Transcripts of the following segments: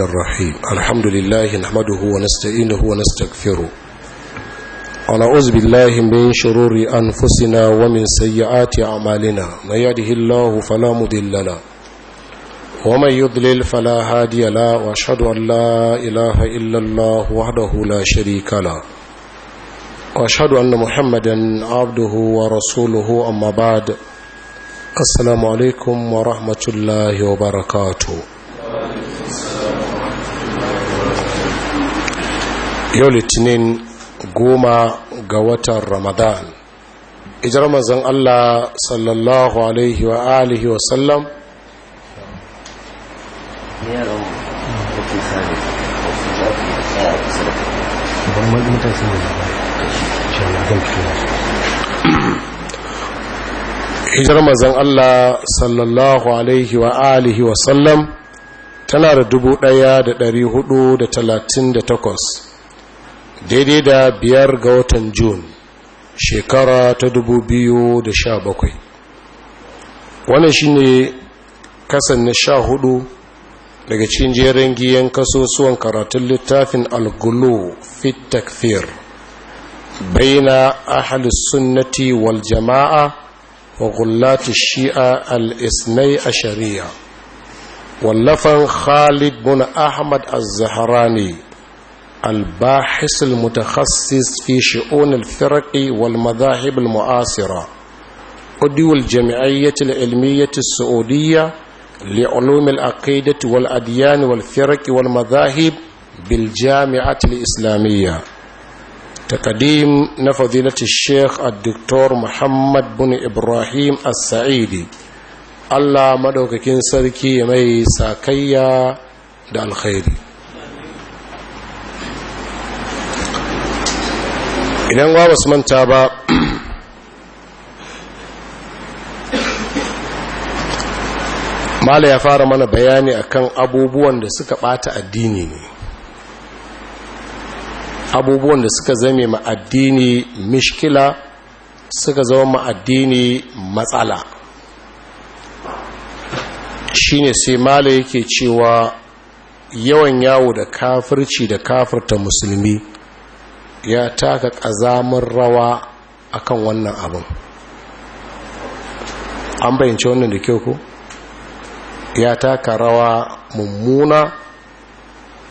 الرحيم الحمد لله نحمده ونستعينه ونستغفره ونعوذ بالله من شرور أنفسنا ومن سيئات أعمالنا ما يهده الله فلا مضل له ومن يضلل فلا هادي له وأشهد أن لا إله إلا الله وحده لا شريك له وأشهد أن محمدا عبده ورسوله أما بعد السلام عليكم ورحمة الله وبركاته yau litinin goma ga watan ramadan ijar mazan allah sallallahu alaihi wa alihi wa sallam hijar mazan allah sallallahu alaihi wa alihi wa sallam tana da dubu ɗaya da hudu da ɗari hudu talatin takwas. daidai da biyar ga watan Jun shekara ta dubu biyu da sha bakwai. wannan shine kasan na sha hudu daga cikin jerin giyan kasusuwan karatun littafin algulu fit takfir baina ahli sunnati wal jama'a wa gullati shi'a al-isnai a shari'a wallafan khalid bin ahmad az-zahrani الباحث المتخصص في شؤون الفرق والمذاهب المعاصرة عضو الجمعية العلمية السعودية لعلوم العقيدة والأديان والفرق والمذاهب بالجامعة الإسلامية تقديم نفضيلة الشيخ الدكتور محمد بن إبراهيم السعيدي الله مدوككين سركي مي ساكيا دا الخيري idan wa su manta ba mala ya fara mana bayani akan abubuwan da suka bata addini ne abubuwan da suka zame ma addini mishkila suka zama ma addini matsala shine sai mala yake cewa yawan yawo da kafirci da kafirta musulmi ya taka ƙazamin rawa akan wannan abin an bayyance wannan da kyau ko ya taka rawa mummuna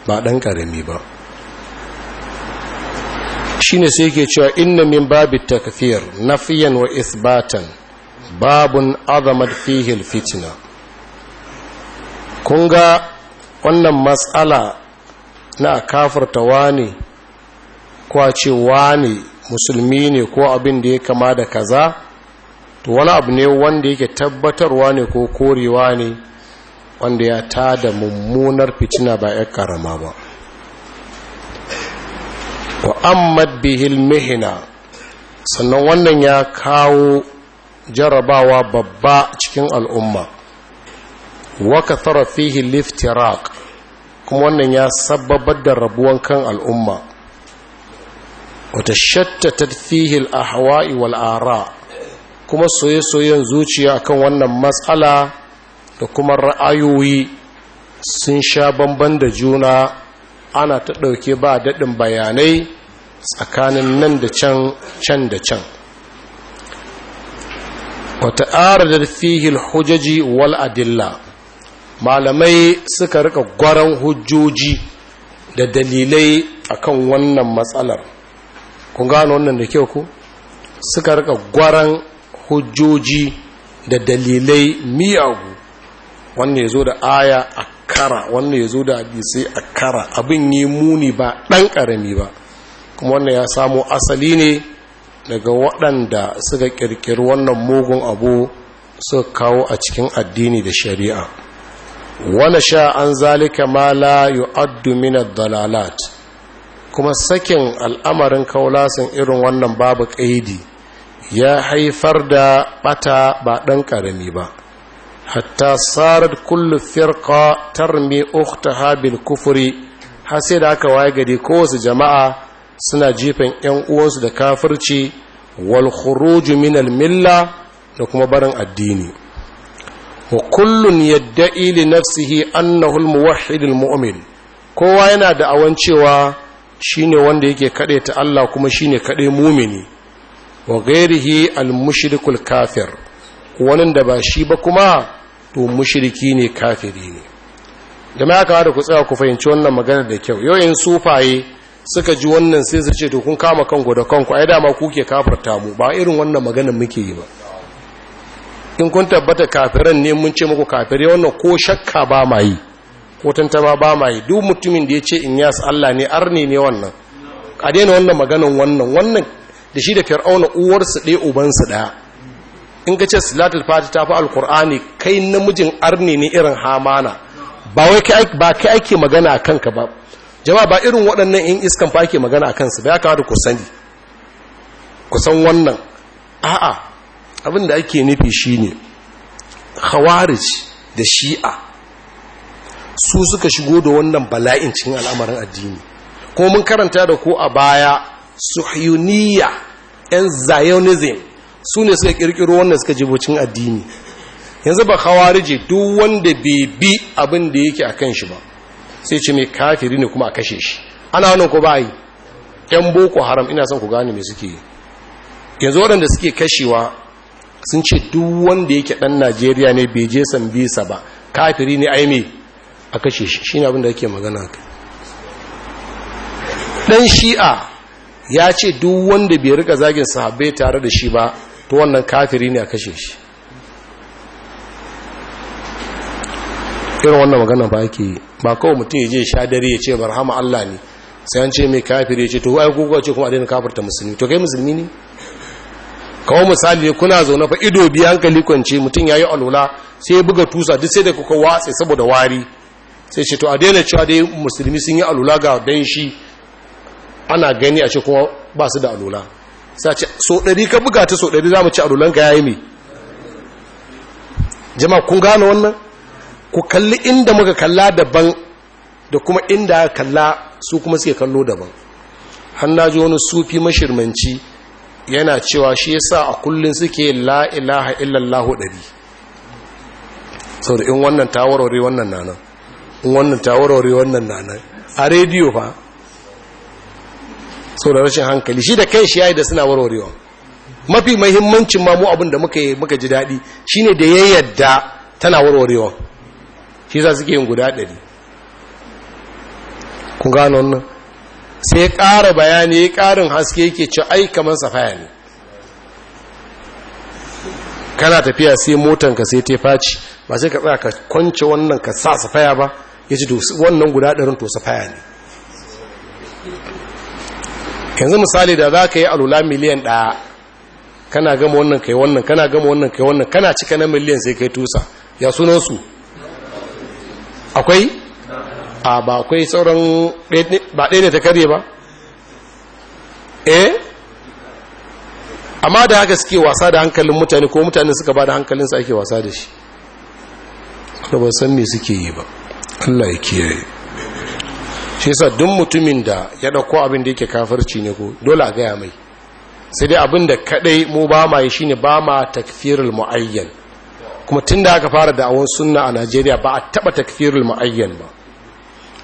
ba ɗan ƙarami ba shi ne sai ke cewa inna min babi takfir nafiyan wa isbatan babun azamar fihil fitina kun ga wannan matsala na kafirta wani ko ce wani musulmi ne ko abin da ya kama da kaza to wani abu ne wanda yake tabbatarwa ne ko korewa ne wanda ya da mummunar fitina ba ya karama ba wa ammad bihil mihina sannan wannan ya kawo jarabawa babba cikin al'umma wa tara fihi liftiraq kuma wannan ya sabbabar da rabuwan kan al'umma wata shattata fihil a wal ara kuma soye-soyen zuciya kan wannan matsala da kuma ra'ayoyi sun sha bamban da juna ana ta ɗauke ba daɗin bayanai tsakanin nan da can can da can wata da fihil hujjaji wal adilla malamai suka rika gwaron hujjoji da dalilai akan wannan matsalar kun gano wannan da kyau ku suka rika gwaran hujjoji da dalilai miyagu wannan ya zo da aya a kara wannan ya zo da hadisai a kara abin yi muni ba ɗan ƙarami ba kuma wannan ya samo asali ne daga waɗanda suka ƙirƙiri wannan mugun abu suka kawo a cikin addini da shari'a wani sha an zalika ma la yu'addu min ad-dalalat kuma sakin al'amarin kaulasin irin wannan babu ƙaidi ya haifar da ɓata ba ɗan ƙarami ba hatta sarar kullu firka tarmi uktaha bil kufuri har sai da aka waye gari wasu jama'a suna jifan 'yan uwansu da kafirci wal khuruju min milla da kuma barin addini wa kullun yadda'i li nafsihi annahu al muwahhid al mu'min kowa yana da awan cewa shine wanda yake kaɗai ta Allah kuma shine kaɗai mumini wa gairihi al-mushrikul kafir wani da ba shi ba kuma to mushriki ne kafiri ne ma ya kamata ku tsaya ku fahimci wannan magana da kyau yau in sufaye suka ji wannan sai su ce to kun kama kanku da kanku ai dama ku ke kafirta mu ba irin wannan maganar muke yi ba in kun tabbata kafiran ne mun ce muku kafire wannan ko shakka ba ma yi kotanta ma ba ma yi duk mutumin da ya ce in yas Allah ne arne ne wannan a daina wannan maganan wannan wannan da shi da fir'auna uwarsu ɗaya ubansu ɗaya in ka ce salatul fati ta fi alkur'ani kai namijin arne ne irin hamana ba wai ba kai ake magana a kanka ba jama'a ba irin waɗannan in iskan fa ake magana a kansu ba ya kawo da ku sani ku san wannan a'a abin da ake nufi shine khawarij da shi'a su suka shigo da wannan bala'in cikin al'amarin addini ko mun karanta da ko a baya suhyuniya yan zionism su ne suka kirkiro wannan suka jibo cikin addini yanzu ba khawarije duk wanda bai bi abin da yake kan shi ba sai ce mai kafiri ne kuma a kashe shi ana wannan ko ba yan boko haram ina son ku gane me suke yi yanzu waɗanda suke kashewa sun ce duk wanda yake ɗan najeriya ne bai je san bisa ba kafiri ne ai me a kashe shi shine abin da yake magana kai Ɗan shi'a ya ce duk wanda bai rika zagin sahabbai tare da shi ba to wannan kafiri ne a kashe shi irin wannan magana ba ke yi ba kawai mutum ya je sha dare ya ce hama Allah ne sai an ce mai kafiri ya ce to ai kuka ce kuma a daina kafirta musulmi to kai musulmi ne kawo misali kuna zaune fa ido biyan hankali kwance mutum ya yi alula sai ya buga tusa duk sai da kuka watsa saboda wari sai ce to a daina cewa dai musulmi sun yi alula ga dan shi ana gani a ce kuma ba su da alula sai ce so ɗari ka buga ta so ɗari za mu ci alulan ya yayi me jama'a kun gane wannan ku kalli inda muka kalla daban da kuma inda kalla su kuma suke kallo daban hannaji wani sufi mashirmanci yana cewa shi yasa a kullun suke la ilaha illallah ɗari sau da in wannan ta warware wannan nanan wannan tawarware wannan nanar a rediyo fa sau da rashin hankali shi da kai shi yayi da suna warwarewa mafi mahimmancin mamu abin da muka muka ji daɗi shine da ya tana warwarewa shi za su ke yin guda ɗari ku gano wannan sai ƙara bayani ya ƙarin haske yake ci ai kamar safaya ne kana tafiya sai motanka sai ta faci ba sai ka tsaya ka kwance wannan ka sa safaya ba ya ce wannan guda ɗarin to safaya ne yanzu misali da za ka yi alula miliyan ɗaya kana gama wannan kai wannan kana gama wannan kai wannan kana cika na miliyan sai kai tusa ya sunansu akwai a ba akwai sauran ba ɗaya ne ta karye ba eh amma da haka suke wasa da hankalin mutane ko mutane suka ba da hankalinsu ake wasa da shi da ba san me suke yi ba Allah ya kiyaye shi yasa duk mutumin da ya dauko abin da yake kafirci ne ko dole a gaya mai sai dai abin da kadai mu ba ma yi shine ba ma takfirul muayyan kuma tunda aka fara da'awar sunna a Najeriya ba a taba takfirul muayyan ba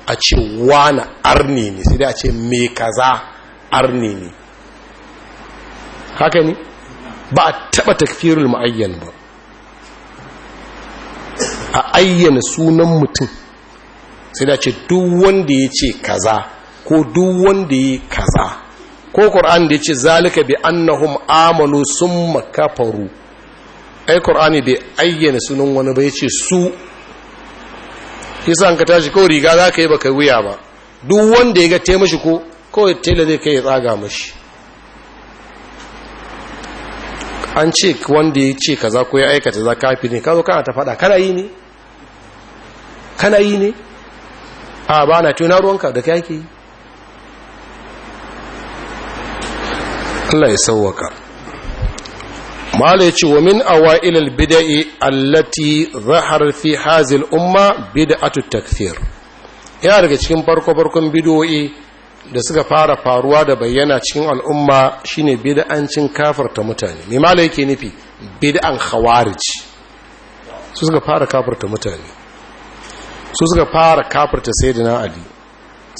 a ce wani arni ne sai dai a ce me kaza arne ne haka ne ba a taba takfirul muayyan ba a ayyana sunan mutum sai da ce duk wanda ya ce kaza ko duk wanda ya kaza ko ƙor'an da ya ce zalika bi annahum amanu sun makafaru ai ƙur'ani bai ayyana sunan wani ba ya ce su yasa ka tashi kawai riga za ka yi baka wuya ba duk wanda ya ga te mashi ko kawai tela zai kai ya tsaga mashi an ce wanda ya ce kaza ko ya aikata za kafi ne ka zo kana ta faɗa kana yi ne kana yi ne a ba na tuna ruwanka da kyaki Allah ya sauwaka malai ce wa min awa'ilal bida'i allati zahar fi hazil umma bid'atu takfir ya daga cikin farko farkon bid'o'i da suka fara faruwa da bayyana cikin al'umma shine bid'ancin kafarta mutane mai malai yake nufi bid'an khawarij su suka fara kafarta mutane su suka fara kafirta sayyidina ali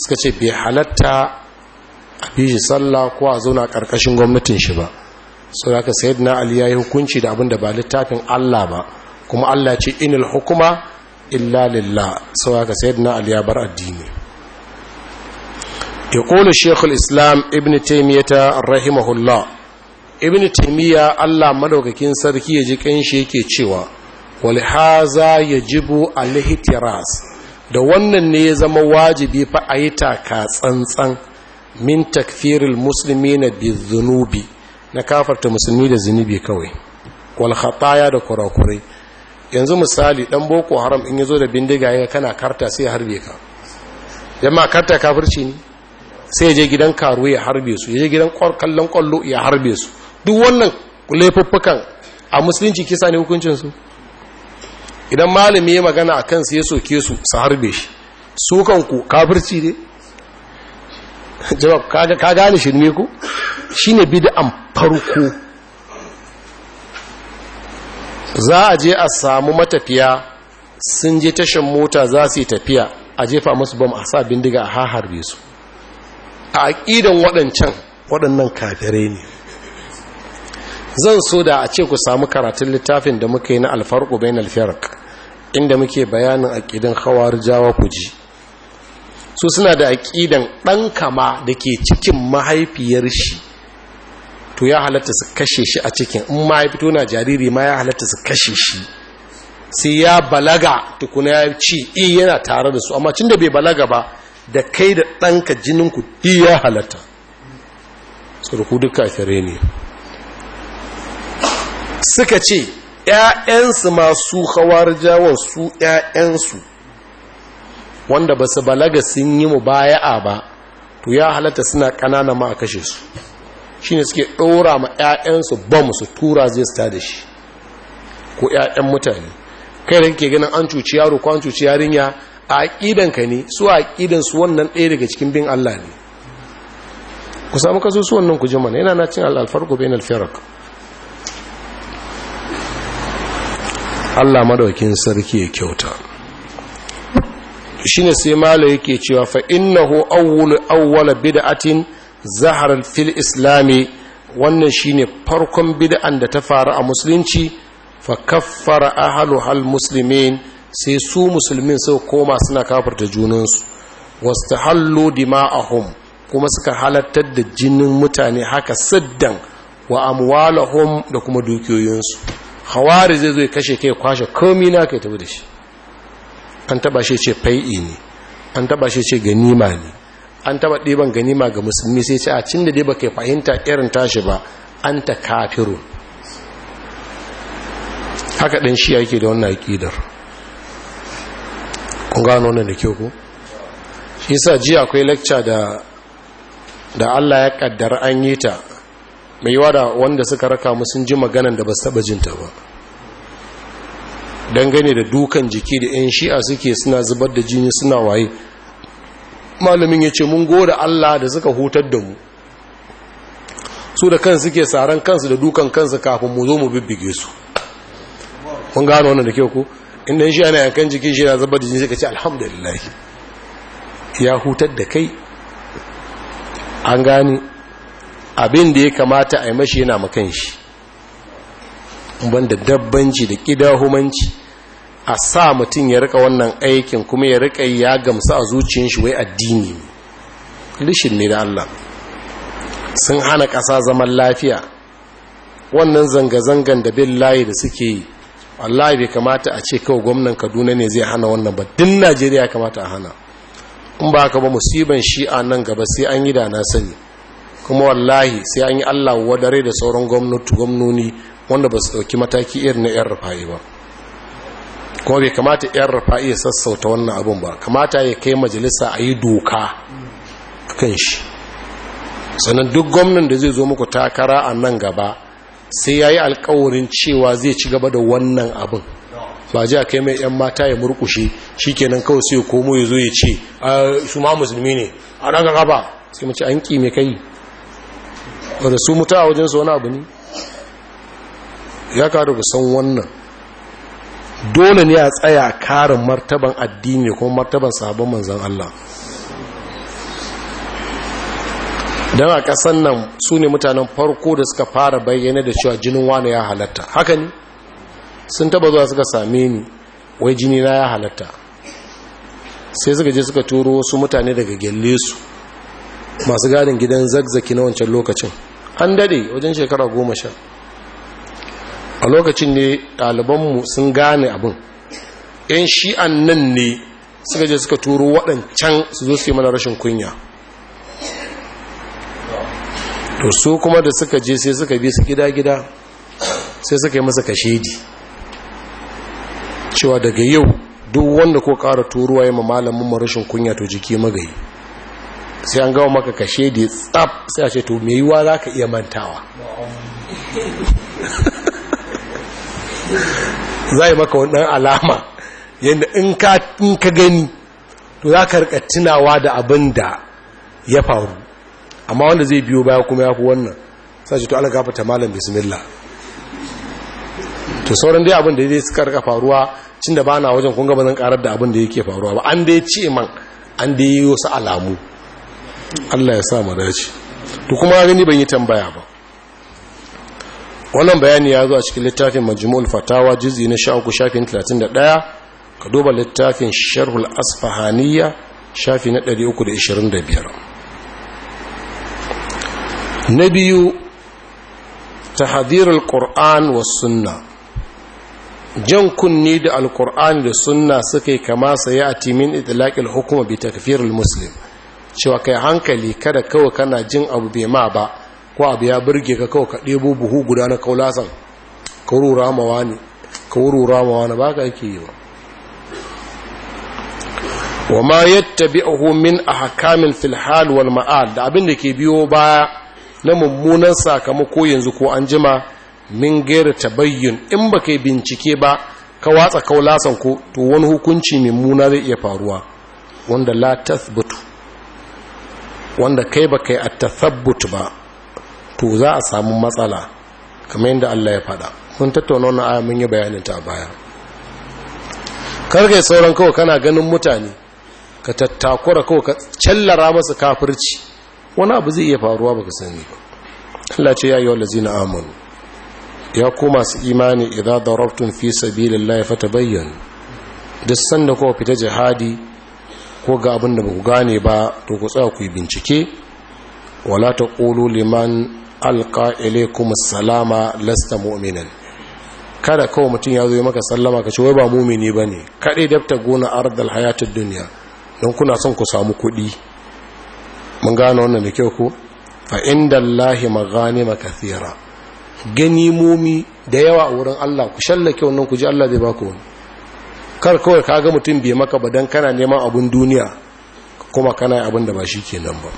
suka ce bai halatta a bishi sallah ko a zauna karkashin gwamnatin shi ba sau da aka sayyidina ali ya yi hukunci da abin da ba littafin allah ba kuma allah ce inil hukuma illa lillah sau da aka sayyidina ali ya bar addini ya ƙoli shekul islam ibn Rahima rahimahullah ibn taimiyya allah madaukakin sarki ya ji shi yake cewa walhaza ya a alihitiras da wannan ne ya zama wajibi fa a yi taka tsantsan min takfiril musulmi na zunubi na kafarta musulmi da zunubi kawai walhataya da kurakurai yanzu misali dan boko haram in zo da bindiga ya kana karta sai ya harbe ka jama'a karta kafirci ne sai ya je gidan karu ya harbe su ya je gidan kallon kwallo ya harbe su duk wannan laifuffukan a musulunci kisa ne hukuncin idan malami ya magana a kansu ya soke su su harbe shi su kanku kafirci ne jawab ka gane shirme ku shi ne bid'an farko za a je a samu matafiya sun je tashin mota za su yi tafiya a jefa musu bam a sa bindiga a haharbe su a aƙidan waɗancan waɗannan kafirai ne zan so da a ce ku samu karatun littafin da muka yi na alfarko bayan alfark inda muke bayanin aƙidan jawa ku ji su suna da aƙidan ɗan kama da ke cikin mahaifiyar shi to ya halatta su kashe shi a cikin in ma ya na jariri ma ya halatta su kashe shi sai ya balaga tukuna ya ci e yana tare da su amma cin da bai balaga ba da kai da ɗanka jininku ɗi ya halatta surku duka fere ne suka ce ‘ya'yansu masu hawar jawon su ‘ya'yansu wanda ba su balaga sun yi mu baya'a ba to ya halatta suna ƙanana ma a kashe su shi ne suke ɗora ma ‘ya'yansu bam su tura zai sta da shi ko ‘ya'yan mutane kai da ke ganin an cuci yaro ko an cuci yarinya a aƙidanka ne su a su wannan ɗaya daga cikin bin Allah ne ku samu kaso su ku ji yana na cin alfarko bain Allah madaukin sarki ya kyauta shine sai malai yake cewa fa innahu awwal awwal bid'atin zahar fil islami wannan shine farkon bid'an da ta faru a musulunci fa kaffara ahlu hal muslimin sai su musulmin suka koma suna kafarta junansu wastahallu dima'ahum kuma suka halattar da jinin mutane haka saddan wa amwalahum da kuma dukiyoyinsu hawari zai zo kashe kai kwashe komi na kai tabi da shi an taba shi ce fai'i ne an taba shi ce ganima ne an taba ɗiban ganima ga musulmi sai ce a cin da dai ba kai fahimta irin tashi ba an ta kafiru haka ɗan shi yake da wannan aƙidar kun gano wannan da kyau ku shi sa ji akwai lecture da da Allah ya kaddara an yi ta mai yiwa da wanda suka raka musun sun ji maganan da ba su taba jinta ba dangane da dukan jiki da 'yan shi'a suke suna zubar da jini suna waye malamin ya ce mun goda Allah da suka hutar da mu su da kansu suke saran kansu da dukan kansu kafin mu zo mu bibbige su mun gano wannan da ke ku inda shi ana yankan jikin shi na zubar da jini suka ce alhamdulillah ya hutar da kai an gani abin da ya kamata a yi mashi yana makan shi banda dabbanci da ƙidahumanci a sa mutum ya rika wannan aikin kuma ya rika ya gamsu a zuciyar shi wai addini rishin ne da Allah sun hana ƙasa zaman lafiya wannan zanga-zangan da bin layi da suke yi allah bai kamata a ce kawai gwamnan kaduna ne zai hana wannan ba din najeriya kamata a hana in ba ka ba musiban shi'a nan gaba sai an yi da na sani kuma wallahi sai an yi allah wadare da sauran gwamnoni wanda ba su ɗauki mataki irin na 'yan rufa'i ba kuma bai kamata 'yan rufa'i ya sassauta wannan abin ba kamata ya kai majalisa a yi doka kan shi sannan duk gwamnan da zai zo muku takara a nan gaba sai ya yi alkawarin cewa zai ci gaba da wannan abin ba ji a kai mai 'yan mata ya murkushe shi kenan kawai sai komo ya zo ya ce ah, su ma musulmi ne a ɗan gaba sai mace an ƙi mai kai da su muta a wajensu wani abu ne ya kada ga san wannan dole ne a tsaya karin martaban addini kuma martaban sabon manzan Allah don a ƙasan nan su ne mutanen farko da suka fara bayyana da cewa jinin wani ya halatta haka ne sun taba zuwa suka same ni wai jini na ya halatta sai suka je suka turo wasu mutane daga gyalle su masu gadin gidan zagzaki na wancan lokacin an dade wajen shekara goma sha a lokacin ne ɗalibanmu sun gane abin yan shi'an nan ne suka je suka turo waɗancan su zo su yi mana rashin kunya to su kuma da suka je sai suka bi su gida-gida sai suka yi masa kashedi cewa daga yau duk wanda ko ƙara turuwa yi ma malamin rashin kunya to jiki magayi sai an gawa maka kashe da tsab sai a ce to me yiwa za ka iya mantawa za yi maka wannan alama yadda in ka gani to za ka rika tunawa da abin da ya faru amma wanda zai biyo baya kuma ya fi wannan sai ce to ala gafata malam bismillah to sauran dai abin da zai suka rika faruwa cin da ba na wajen kunga ba zan karar da abin da yake faruwa ba an dai ce man an dai yi wasu alamu Allah ya sa mu dace to kuma gani ban yi tambaya ba wannan bayani ya zo a cikin littafin majmu'ul fatawa juz'i na 13 shafin 31 ka duba littafin sharhul asfahaniya shafi na 325 na biyu tahdhirul qur'an was sunna jan kunni da alqur'ani da sunna suke kama sai a timin itlaqil hukuma bi takfirul muslim cewa kai hankali kada kawai kana jin abu bai ma ba ko abu ya burge ka kawai ka ɗebo buhu guda na kaulasan ka wurura ne ka wurura mawa ba ka yake yi ba wa ma yadda a homin ahkamin fil filhal wal ma'al da abin da ke biyo baya na mummunan sakamako yanzu ko an jima min gaira tabayyun in ba yi bincike ba ka watsa kaulasan ko to wani hukunci mummuna zai iya faruwa wanda la tathbutu wanda kai ba kai a tathabbut ba to za a samu matsala kamar yadda Allah ya faɗa mun tattauna wannan aya mun yi bayanin ta baya Kar karkai sauran kawai kana ganin mutane ka tattakura kawai ka cellara masa kafirci wani abu zai iya faruwa baka sani ba Allah ce ya yi lazina amanu ya ku masu imani idza darabtum fi ta bayyana duk sanda kawai fita jihadi ko ga abin da ba ku gane ba to ku tsaya ku bincike wala ta ƙulu liman alka ilaikum salama lasta mu'minan kada kawai mutum ya zo yi maka sallama ka ce wai ba mumini ba ne kaɗai dafta gona ardal hayatun duniya don kuna son ku samu kuɗi mun gane wannan da kyau ko fa inda Allahi ganimomi da yawa a wurin Allah ku shallake wannan ku ji Allah zai ba ku wani kar kawai kaga mutum bai maka ba don kana neman abun duniya kuma kana abin da ba shi ke nan ba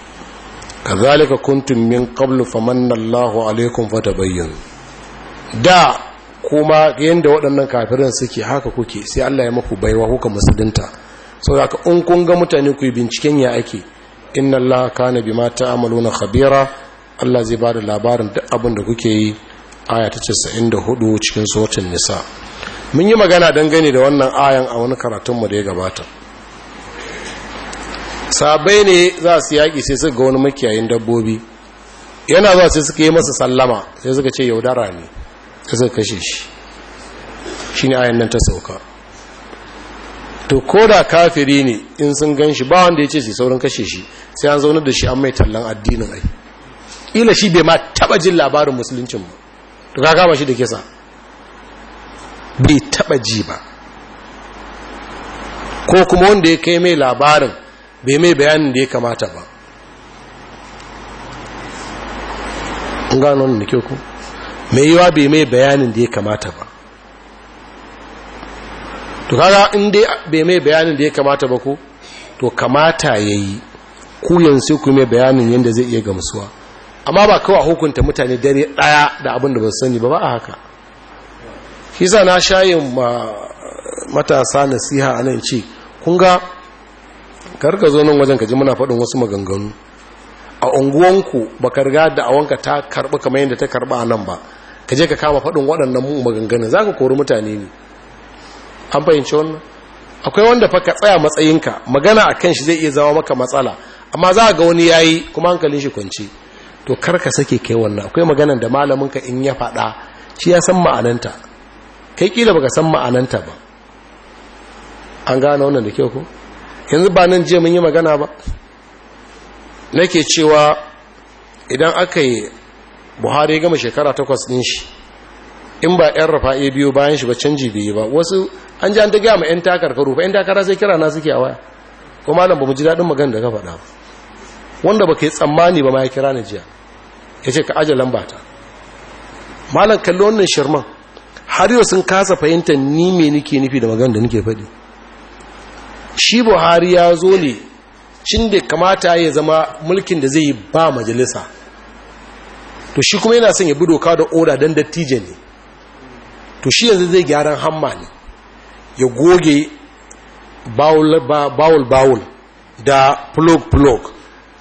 kazalika kuntun min kablu famanna Allahu fata bayyan da kuma yadda waɗannan kafirin suke haka kuke sai Allah ya maku baiwa kuka musulunta da in kun ga mutane ku yi binciken ya ake inna Allah mata bima na khabira Allah zai bada labarin duk abin da kuke yi aya ta hudu cikin suratul nisa mun yi magana gani da wannan ayan a wani karatunmu da ya gabata sabai ne za su yaƙi sai suka ga wani makiyayin dabbobi yana zuwa sai suka yi masa sallama sai suka ce yaudara ne sai suka kashe shi shi ne ayan nan ta sauka to ko da kafiri ne in sun gan shi ba wanda ya ce sai saurin kashe shi sai an zaunar da shi an mai tallan addinin ai ila shi bai ma taba jin labarin musuluncin ba to ka kama shi da kisa bai taba ji ba ko kuma wanda ya kai mai labarin bai mai bayanin da ya kamata ba gano da kyau ku mai yiwa bai mai bayanin da ya kamata ba to kaga in dai bai mai bayanin da ya kamata ba ko to kamata ya yi ku yanzu ku mai bayanin yadda zai iya gamsuwa amma ba kawai hukunta mutane dare daya da abin da ba sani ba ba a haka kisa na shayin matasa nasiha a nan ce kun ga karka zo nan wajen kaji muna faɗin wasu maganganu a unguwanku ba ka riga da wanka ta karɓi kamar yadda ta karɓa a nan ba ka je ka kama faɗin waɗannan maganganu za ka kori mutane ne an fahimci wannan akwai wanda fa ka tsaya matsayinka magana a kan shi zai iya zama maka matsala amma za ga wani ya yi kuma hankalin shi kwanci to kar ka sake kai wannan akwai maganan da malaminka in ya faɗa shi ya san ma'ananta kai kila baka san ma'ananta ba an gane wannan da kyau ko yanzu ba nan jiya mun yi magana ba nake cewa idan aka yi buhari ya gama shekara takwas ɗin shi in ba 'yan a biyu bayan shi ba canji biyu ba wasu an ji an ta gama 'yan takarkaru ba 'yan takara sai kira na suke a waya kuma nan ba mu ji daɗin magana da ka faɗa wanda ba ka yi tsammani ba ma ya kira na jiya ya ce ka aje lambata. ta malam kalli wannan shirman har yau sun kasa fahimtar ni me nake nufi da magana da nake faɗi shi buhari ya zo ne cin da kamata ya zama mulkin da zai yi ba majalisa to shi kuma yana son ya bi doka da oda don dattijo ne to shi yanzu zai gyaran hamma ne ya goge bawul-bawul da plug-plug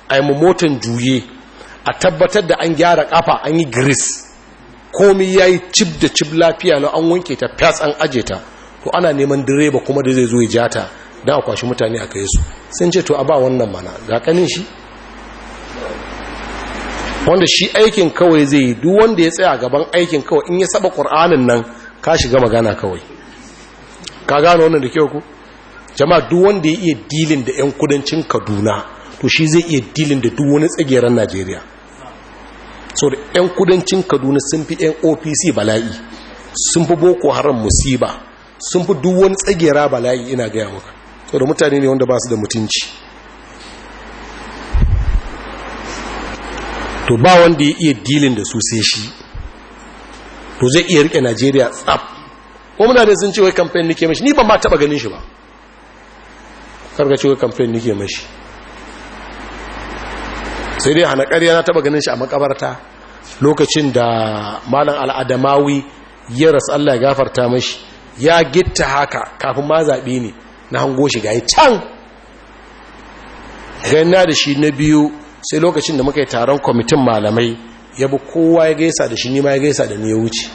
a yi juye a tabbatar da an gyara kafa an yi grease komi ya yi cib da cib lafiya na an wanke ta fas an aje ta to ana neman direba kuma da zai zo ya ja ta don a kwashi mutane a kai su sun ce to a ba wannan mana ga kanin shi wanda shi aikin kawai zai yi duk wanda ya tsaya gaban aikin kawai in ya saba ƙur'anin nan ka shiga magana kawai ka gano wannan da kyau ku jama'a duk wanda ya iya dilin da 'yan kudancin kaduna to shi zai iya dilin da duk wani tsagerar najeriya so da 'yan kudancin kaduna sun fi 'yan opc bala'i sun fi boko haram musiba sun fi duk wani tsagera bala'i ina gaya maka so da mutane ne wanda ba su da mutunci to ba wanda ya iya dilin da su sai shi to zai iya rike najeriya tsab ko muna da sun ce wai kamfani nike mashi ni ban ma taba ganin shi ba karga ce wai kamfen nike mashi sai dai hana ƙarya na taɓa ganin shi a makabarta lokacin da malam al'adamawi ya rasu Allah ya gafarta mashi ya gitta haka kafin ma zaɓe ne na hango shi gayi can ganna da shi na biyu sai lokacin da muka yi taron kwamitin malamai ya bi kowa ya gaisa da shi nima ya gaisa da ni ya wuce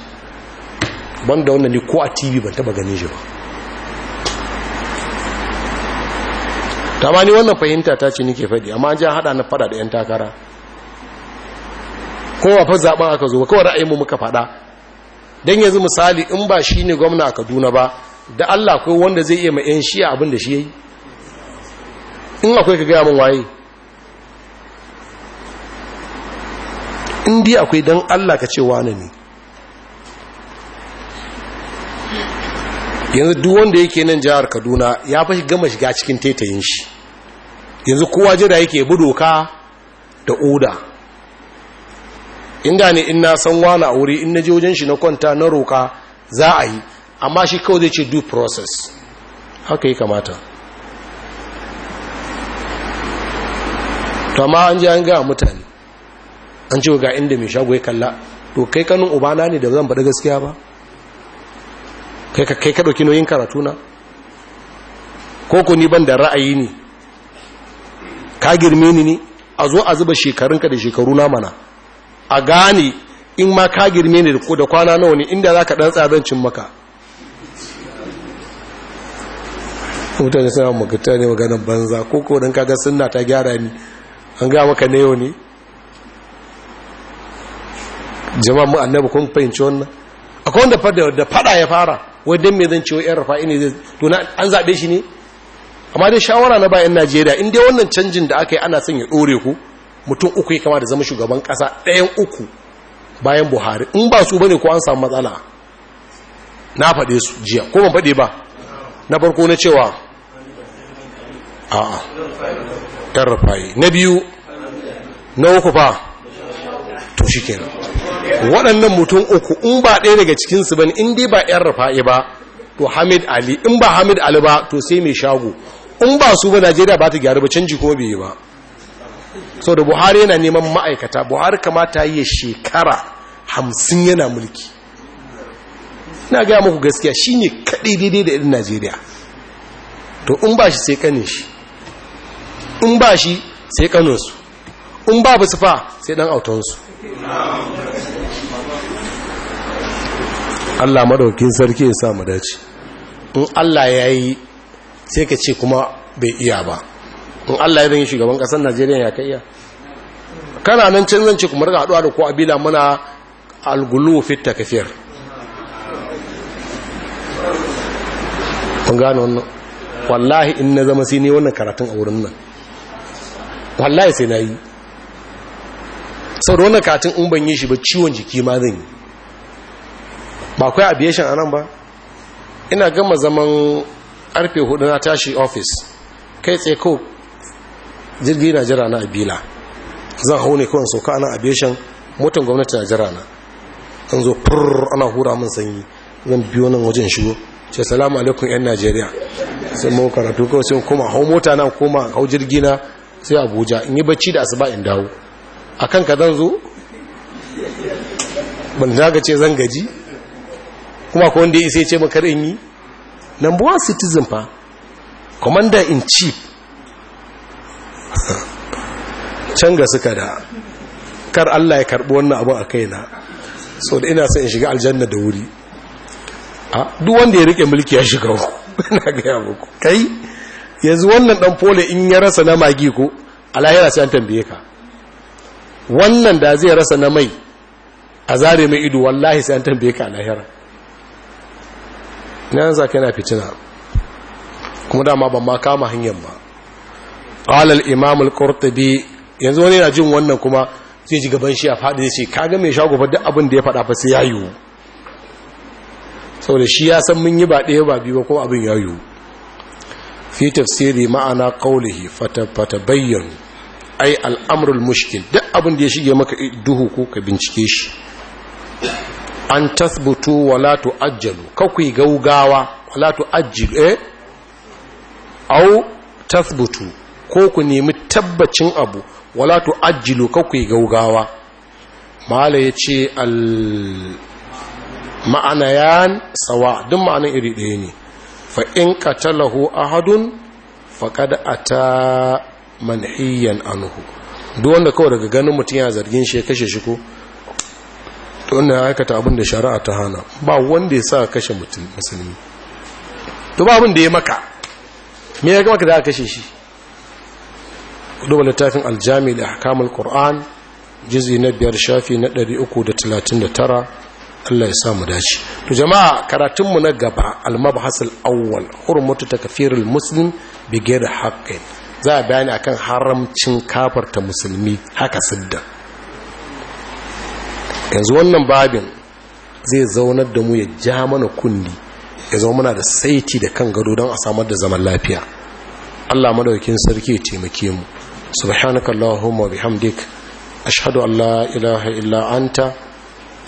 ban da wannan ne ko a tv ban taɓa ganin shi ba ta ni wannan fahimta ta ce nike faɗi amma an ji haɗa na faɗa da 'yan takara kowa fa zaɓen aka zo kawai ra'ayinmu muka faɗa don yanzu misali in ba shi ne gwamna a kaduna ba da allah akwai wanda zai iya mai 'yan shiya abin da shi ya yi in akwai ka gaya min waye in akwai don allah ka ce wane ne yanzu duk wanda yake nan jihar kaduna ya fashi gama shiga cikin tetayin shi yanzu kowa jira yake doka da oda inda ne in san wani a wuri in na je wajen shi na kwanta na roka za a yi amma shi kawai zai ce due process haka yi kamata to an ji an ga mutane an ce ga inda mai shago kalla to kai kanin ubana ne da zan bada gaskiya ba kai ka ɗauki noyin karatu na ko ku ni ban da ra'ayi ne ka girme ni ne a zo a zuba shekarunka da shekaru na mana a gane in ma ka girme ni da kwana nawa ne inda za ka ɗan cin maka mutane suna magata ne maganin banza ko kodin kaga suna ta gyara ni an ga maka na yau ne jama'a mu annabi kun fahimci wannan akwai wanda da fada ya fara wadda mai me zan ciwo yan ina zai tuna an zaɓe shi ne amma dai shawara na bayan najeriya in dai wannan canjin da aka yi ana son ya ɗore ku mutum uku ya kama da zama shugaban ƙasa ɗayan uku bayan buhari in ba su bane ko an samu matsala na faɗe su jiya ko ban faɗe ba na farko na cewa a'a ɗan rufayi na biyu na uku fa to shi kenan waɗannan mutum uku in ba ɗaya daga cikinsu ba in dai ba ƴan rufa'i ba to hamid ali in ba hamid ali ba to sai mai shago in ba su ba najeriya ba ta gyaru ba canji ko bai ba sau da buhari yana neman ma'aikata buhari kamata yi shekara hamsin yana mulki na gaya muku gaskiya shi ne kaɗai daidai da irin najeriya to in ba shi sai kane shi in ba shi sai su in ba su fa sai dan auton su. Allah madaukin sarki ya sa mu dace in Allah ya yi sai ka ce kuma bai iya ba in Allah ya bin shugaban kasar Najeriya ya kai iya kana nan can zan ce kuma riga haɗuwa da ko abila muna algulu fit takfir kun gano wannan wallahi in na zama sai ne wannan karatun a wurin nan wallahi sai na yi sau da wannan karatun in ban yi shi ba ciwon jiki ma zan yi ba akwai aviation a nan ba ina gama zaman karfe hudu na tashi ofis kai tsaye ko jirgi na jira na abila zan hau ne kawai sauka ana abeshin motan gwamnati na jira na an zo furr ana hura min sanyi zan biyo nan wajen shigo ce salamu alaikum yan najeriya sai mu karatu kawai sai kuma hau mota na koma hau jirgi na sai abuja in yi bacci da asuba in dawo a kan ka zan zo ban zaga ce zan gaji kuma ko wanda ya isa ya ce maka in yi number one citizen fa commander in chief canga suka da kar Allah ya karbi wannan abu a kaina so da ina son in shiga aljanna da wuri duk wanda ya rike mulki ya shiga ku ina gaya muku kai yanzu wannan dan pole in ya rasa na magi ko alahira sai an tambaye ka wannan da zai rasa na mai a zare mai ido wallahi sai an tambaye ka alahira nan za ka yana fitina kuma dama ban ma kama hanyar ba ƙalal imamul ƙortabi yanzu wani yana jin wannan kuma zai ji gaban shi a faɗi ce kaga mai shago fa abin da ya faɗa fa sai ya yiwu saboda shi ya san mun yi ba ɗaya ba biyu ko abin ya yiwu fi tafsiri ma'ana fata-fata fatabayyan ai al'amurul mushkil duk abin da ya shige maka duhu ko ka bincike shi an tasbutu wala tu'ajjalu kakwai gaugawa wala tu'ajjilu eh au tasbutu ko ku nemi tabbacin abu wala tu'ajjalu kakwai gaugawa mala yace al ma'anayan sawa duk ma'anan iri ɗaya ne fa in qatalahu ahadun faqad ata manhiyan anhu duk wanda kawai daga ganin mutum ya zargin shi ya kashe shi ko to wannan ya aikata abin da shari'a ta hana ba wanda ya sa kashe mutum musulmi to ba abin da ya maka me ya maka da aka kashe shi duba littafin aljami da ahkamul qur'an jizi na biyar shafi na 339 Allah ya mu dace to jama'a karatunmu na gaba al-mabhas al-awwal hurmatu takfirul muslim bi ghairi haqqin za a bayani akan haramcin kafarta musulmi haka sidda yanzu wannan babin zai zaunar da mu ya ja mana kundi ya zama muna da saiti da kan gado don a samar da zaman lafiya Allah madaukin sarki ya taimake mu subhanakallahumma bihamdik ashhadu an la ilaha illa anta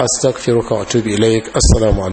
astaghfiruka wa atubu ilaik assalamu